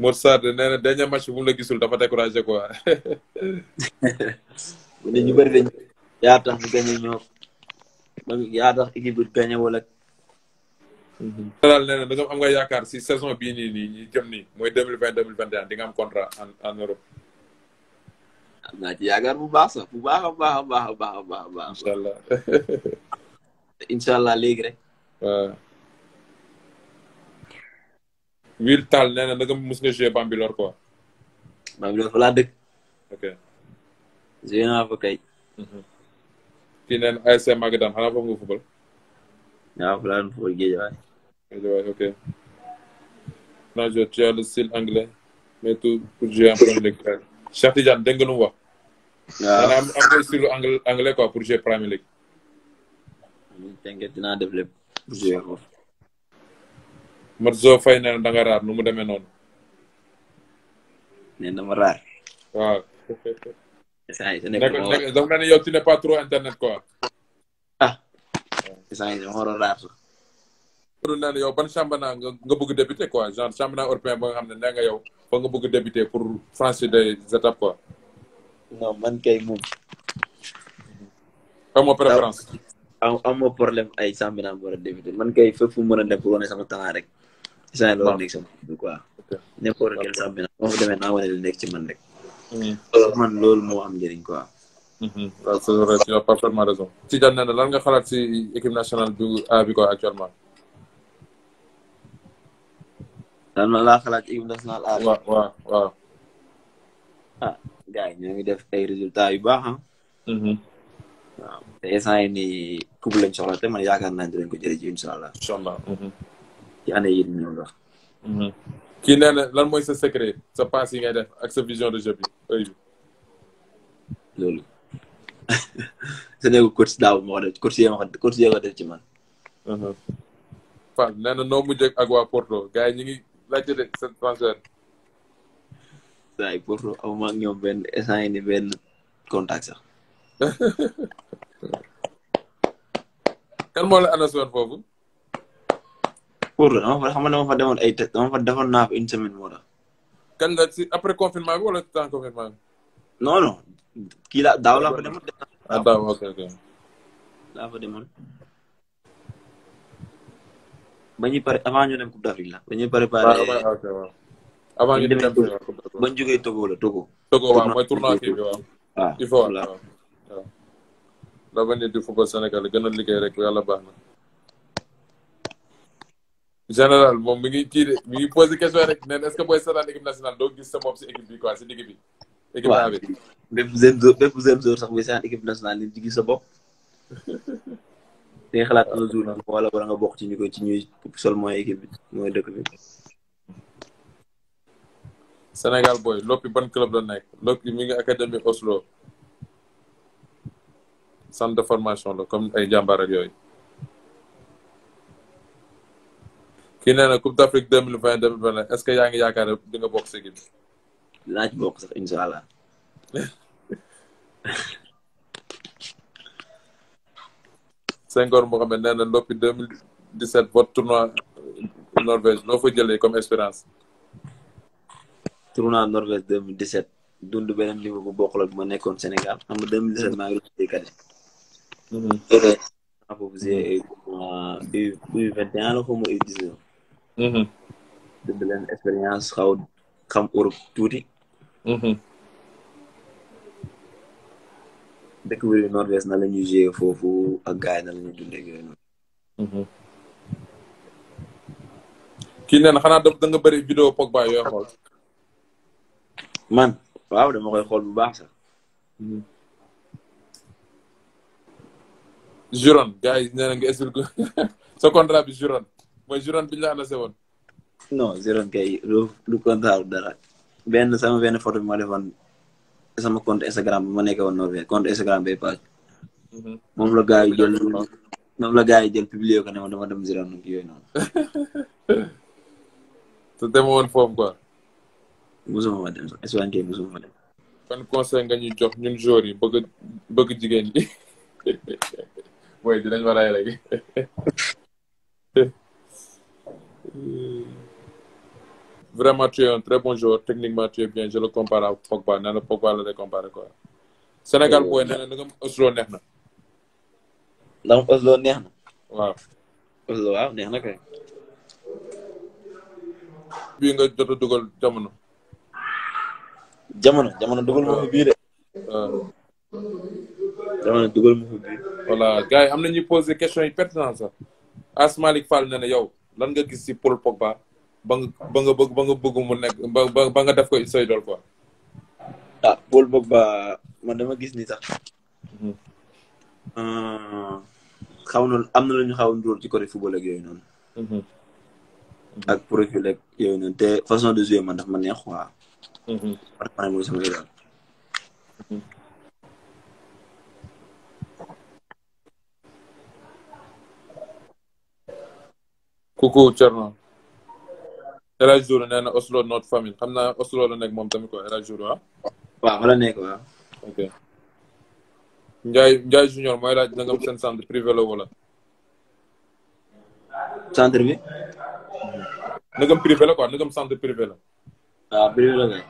Mor Sarr nee na dernier match bu mu la gisul dafa découragé quoi. bu dee ñu bëri dañ yaa tax mu gagné ñoo yaa tax équipe bi gagné wala. daal nee na am nga yaakaar si saison bii nii nii ñu jëm nii mooy deux mille vingt deux mille vingt et un di am contrat en en Europe. am naa ci yaakaar bu baax sax bu baax a baax a baax a baax a baax. baax incha allah incha allah léegi rek. Will Tall nee na nga mos nga Bambilor quoi. Bambilor fa laa dëkk. ok. joué naa fa kay. Mhm. kii nee na ASC Magadan xanaa foofu nga football. waaw fa laa doon football Guédiawaye. Guédiawaye ok. non je tu style anglais mais tout pour jouer anglais anglais pour jouer Premier League. t'inquiète dinaa développé mat soo fay nee nga raar nu mu demee noonu. nee na ma raar. waaw. saa yi dafa yow tu pas trop internet quoi. ah. saa yi yow ban championnat nga nga bëgg débuter quoi genre championnat européen ba nga xam ne nee yow fa nga bëgg débuter pour franchir des étapes quoi. non man kay moom. amoo préférence. amoo problème ay championnat bu war a débuter man kay fépp fu mën a dem pour wane sama talent rek. saa loolu nekk sama dugg quoi. n'importe quel sax bi nag moo fa demee naa wane li nekk ci man rek. loolu hmm. man loolu moo am njëriñ quoi. waaw c'est vrai tu as parfaitement raison. Tidiane nee na lan nga xalaat si équipe nationale bu A bi quoi actuellement. lan ma laa xalaat équipe nationale A. waaw waaw waaw. ah gars yi ñoo ngi def ay résultats yu baax ah. Hmm. waaw te instant yii nii coupe lañ soxla te man yaakaar naa ne dinañ ko jëlee ci incha allah. incha allah. Hmm. ci année yi ñëw la. Mhm. kii nee na lan mooy sa secret sa passe ak sa vision de jeu bi loolu sa nekk coach daaw moo ko def coach ma ko coach yee ko def ci man. Fall mhm. nee na noo Porto gars yi ñu ngi laajte de seen transfert. waaw Porto aw ma ak ñoom benn instant yii nii benn contact sax. kan moo la annoncé woon foofu. pour dama fa xam nga dama fa demoon ay test dama fa defoon naa fa kan la si après confinement bi wala kii la daaw laa fa demoon. ah daaw pare avant dem Coupe d'Afrique la. ba ñuy préparé waaw ah, ok waaw. dem Coupe d'Afrique ba ñu jógee Togo la Togo. Togo baax na. général moom mi ngi kii de mi ngi posé question rek neen est-ce que booy seetaan équipe nationale doo gis sa bopp si équipe bi quoi si digg A bi xalaat un wala wala nga bokk ci ñu ci ñuy sol mooy équipe bi mooy dëkk bi. Sénégal booy Loppi ban club la nekk Loppi mi ngi académie Oslo centre de formation la comme ay jàmbaar ak yooyu. kii nee na Coupe d' Afrique deux mille vingt deux mille vingt et un est-ce que yaa ngi yaakaar ne di nga bokk si équipe bi. naa ci bokk sax incha allah. na loppi deux mille dix sept votre tournoi Norvège loo fa jëlee comme expérience. tournoi Norvège deux mille dix sept dund beneen niveau bu bokkul ak ma nekkoon Sénégal xam nga deux mille dix sept maa ngi doon kade mhm. foofu c'est U21 la xaw ma Mm-hmm. De belle kam ur xam Mhm. tuuti. dëkk wéru Norvège na la ñuy jouer foofu ak gaay na la ñuy dundee yooyu noonu. kii na nga vidéo Pogba man waaw dama koy xool bu baax sax. Giron gars yi nee na mooy juróom bi ñu la annoncé woon. non juróom kay dara. benn sama benn photo bi ma defoon sama compte Instagram ma nekk woon Norvège compte Instagram bay mhm. moom la gars yi jël moom la gars yi jël publier ko ne ma dama dem juróom ak yooyu noonu. te demoo woon foofu quoi. musuma ma dem sax musuma ma dem. ban conseil nga ñuy jox yi bëgg bëgg jigéen mooy dinañ ma rek. vraiment tu es un très bon joueur techniquement tu es bien je le compare à Pogba nee na Pogba la lay comparé Sénégal euh, booy nee na nga am neex na. ndax Oslo neex na. waaw. neex na kay. bii nga jot a dugal jamono. jamono jamono dugal ma fi bii a jamono dugal ma fi bii. voilà yi am na ñuy poser question yi pertinente sax Asmalik Fall nee na yow. lan nga gis si Paul Pogba ba nga ba nga bëgg ba nga bëgg mu nekk ba ba nga def ko say dool quoi. ah Paul man dama gis ni sax. Mhm. Ah, xaw na am na lu ñu xaw a ndóol ci côté football ak yooyu noonu. Mhm. ak profil ak yooyu noonu te façon de jouer man ma neex quoi. Mhm. man Coucou Thierno. El Hadj Diourou nee na Oslo notre famille xam naa Oslo la nekk moom tamit quoi El Hadj Diourou ah. waaw nekk waaw. ok Ndiaye Ndiaye junior mooy laaj da nga am centre privé la wala. centre bi. ndegam la quoi ndegam centre privé la. waaw privé la kay.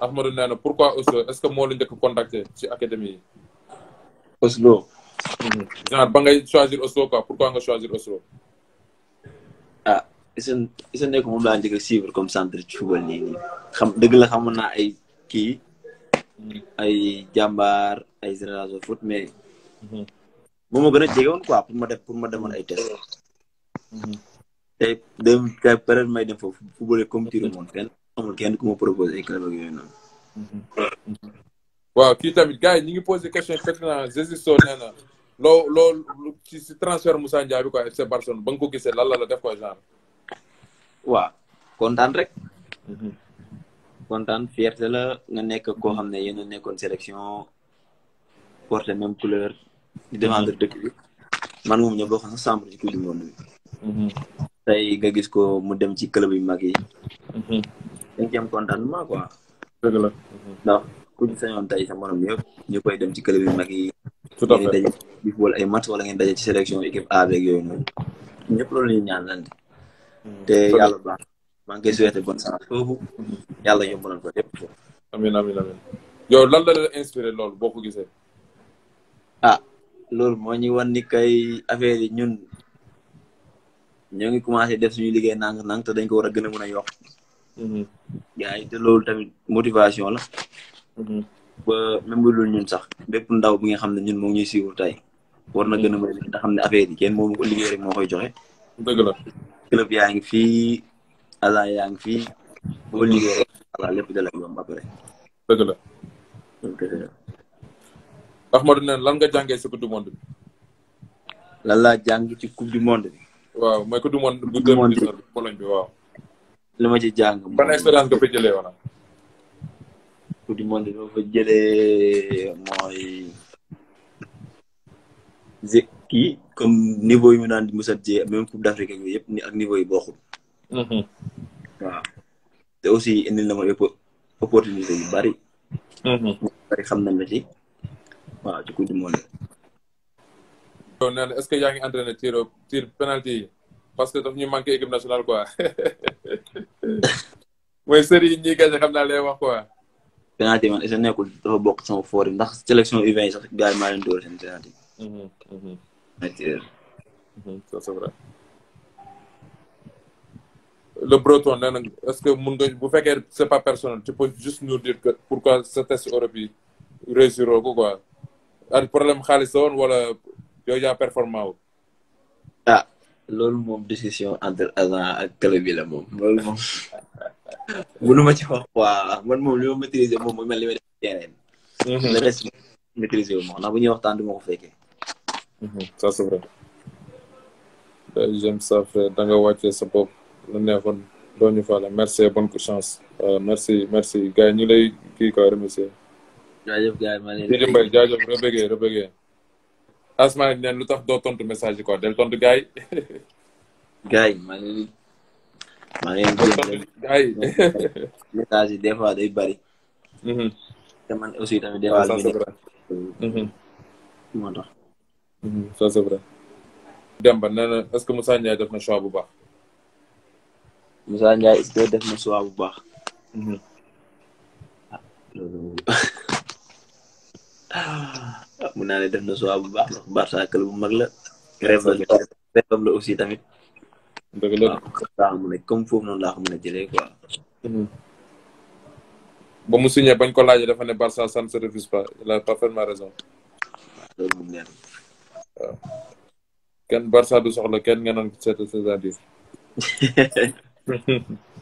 Ahmadou nee pourquoi Oslo est-ce que moo la njëkk ci académie yi. Oslo. genre ba ngay choisir Oslo quoi pourquoi nga choisir Oslo. ah Issa Issa Néko moom laa njëkk a suivre comme centre ci football nii nii xam dëgg la xamoon naa ay kii ay jàmbaar ay génération foot mais. moom moo gën a jege woon quoi pour ma def pour ma demoon ay test. Mhm. tey dem kay may dem foofu footballé comme tiro moon kenn amul kenn ku ma proposé ay club ak yooyu noonu. Mhm. Mhm. waaw kii tamit gars yi ñu ngi posé question pertinente Jésus Sow na. lo lo ci ci transfert Moussa Ndiaye bi quoi FC Barcelone bang ko gisee la la def quoi genre. wa contane rek. contane mhm. fier de la nga nek ko xam ne nekone sélection porter même couleur. di défendre mhm. dëkk bi. man mom ñu bokk sax chambre ci coupe du monde bi. Mhm. tey nga gis ko mu dem ci club yu mag yi. dañ ci am contane ma quoi. deug la. ndax ku ci sañon tay sa morom yëpp ñu koy dem ci club yu mag yi. tout à fait ay match wala ngeen daje ci sélection équipe A beeg yooyu ñëpp loolu la ñuy ñaanalante. Hmm. te yàlla baax maa ngi koy souhaité bonne chance foofu yàlla yombalal ko yëpp. amiin amiin amiin yow lan la la inspiré loolu boo ko gisee. ah loolu moo ñu wan ni kay affaire yi ñun ñoo ngi commencé def suñu liggéey nang-nang te dañ ko war a gën a mën a yokk. Hmm. te loolu tamit motivation la. Hmm. ba même lu ñun sax bépp ndaw bi nga xam ne ñun moo ñuy siiwul tey war na gën a mën a xam ne affaire yi o moomu ko liggéey moo koy joxe. dëgg la club yaa ngi fii ala yaa ngi fii boo liggéey rek ala lépp da la yomb après. dëgg la. Euh, Ahmadou ne lan nga jàngee si coupe du monde bi. lan laa jàng ci coupe du monde bi. waaw mooy coupe du monde bu 2019 Pologne ma ci jàng. ban expérience nga fa jëlee woon coupe du monde doo fa mooy comme niveau yi mu naan Moussa Dieng même d'Afrique yooyu yëpp ni ak niveau bo bokkul. Mhm. waaw te aussi indil na ma opportunité yu bari. Mhm. bari xam nañ la ci waaw ci na est-ce que yaa ngi entraîné tir tir penalty yi parce que daf ñu manqué équipe nationale quoi mooy sëriñ ñi gañe xam naa lay wax quoi. penalty man est-ce que nekkul bokk sama foor ndax sélection U20 yi sax gars yi maa leen dóor seen penalty. Mhm, mhm. Mhm, ça ce que mun bu fekkee c'est pas personnel tu peux juste nous dire que pourquoi sa test Europe yi réussir ko quoi problème xaalis la wala yow performant ah, loolu moom décision entre agent ak moom. mënuma ci wax quoi man moom li ma maîtriser moom mooy man li may def terrain. Mhm. le reste maîtriser wu ma bu ñuy waxtaan du ma ko fekkee. Mhm. ça c'est vrai. j'aime ça frère sa bopp lu neexoon doo euh, yi ñu lay quoi remercier. jaajëf gars lu tax doo tontu message yi del tontu gars yi. maa ngi leen di message yi des fois day bari. Mm-hmm. te man aussi tamit des mm-hmm. moo tax. Mm-hmm. ça c'est vrai. Demba que Moussa Ndiaye def na bu baax. Moussa Ndiaye est-ce que def na choix bu baax. Ah, mun naa ne def na choix bu baax ndax Barça club bu mag la. réewam la aussi tamit. dëgg la waaw mu ne comme foofu noonu laa ko mën a hmm. ba mu signé bañ ko laajee dafa ne Barça ça ne se refuse pas il a raison. loolu Barça du soxla kenn nga naan c'est-à-dire.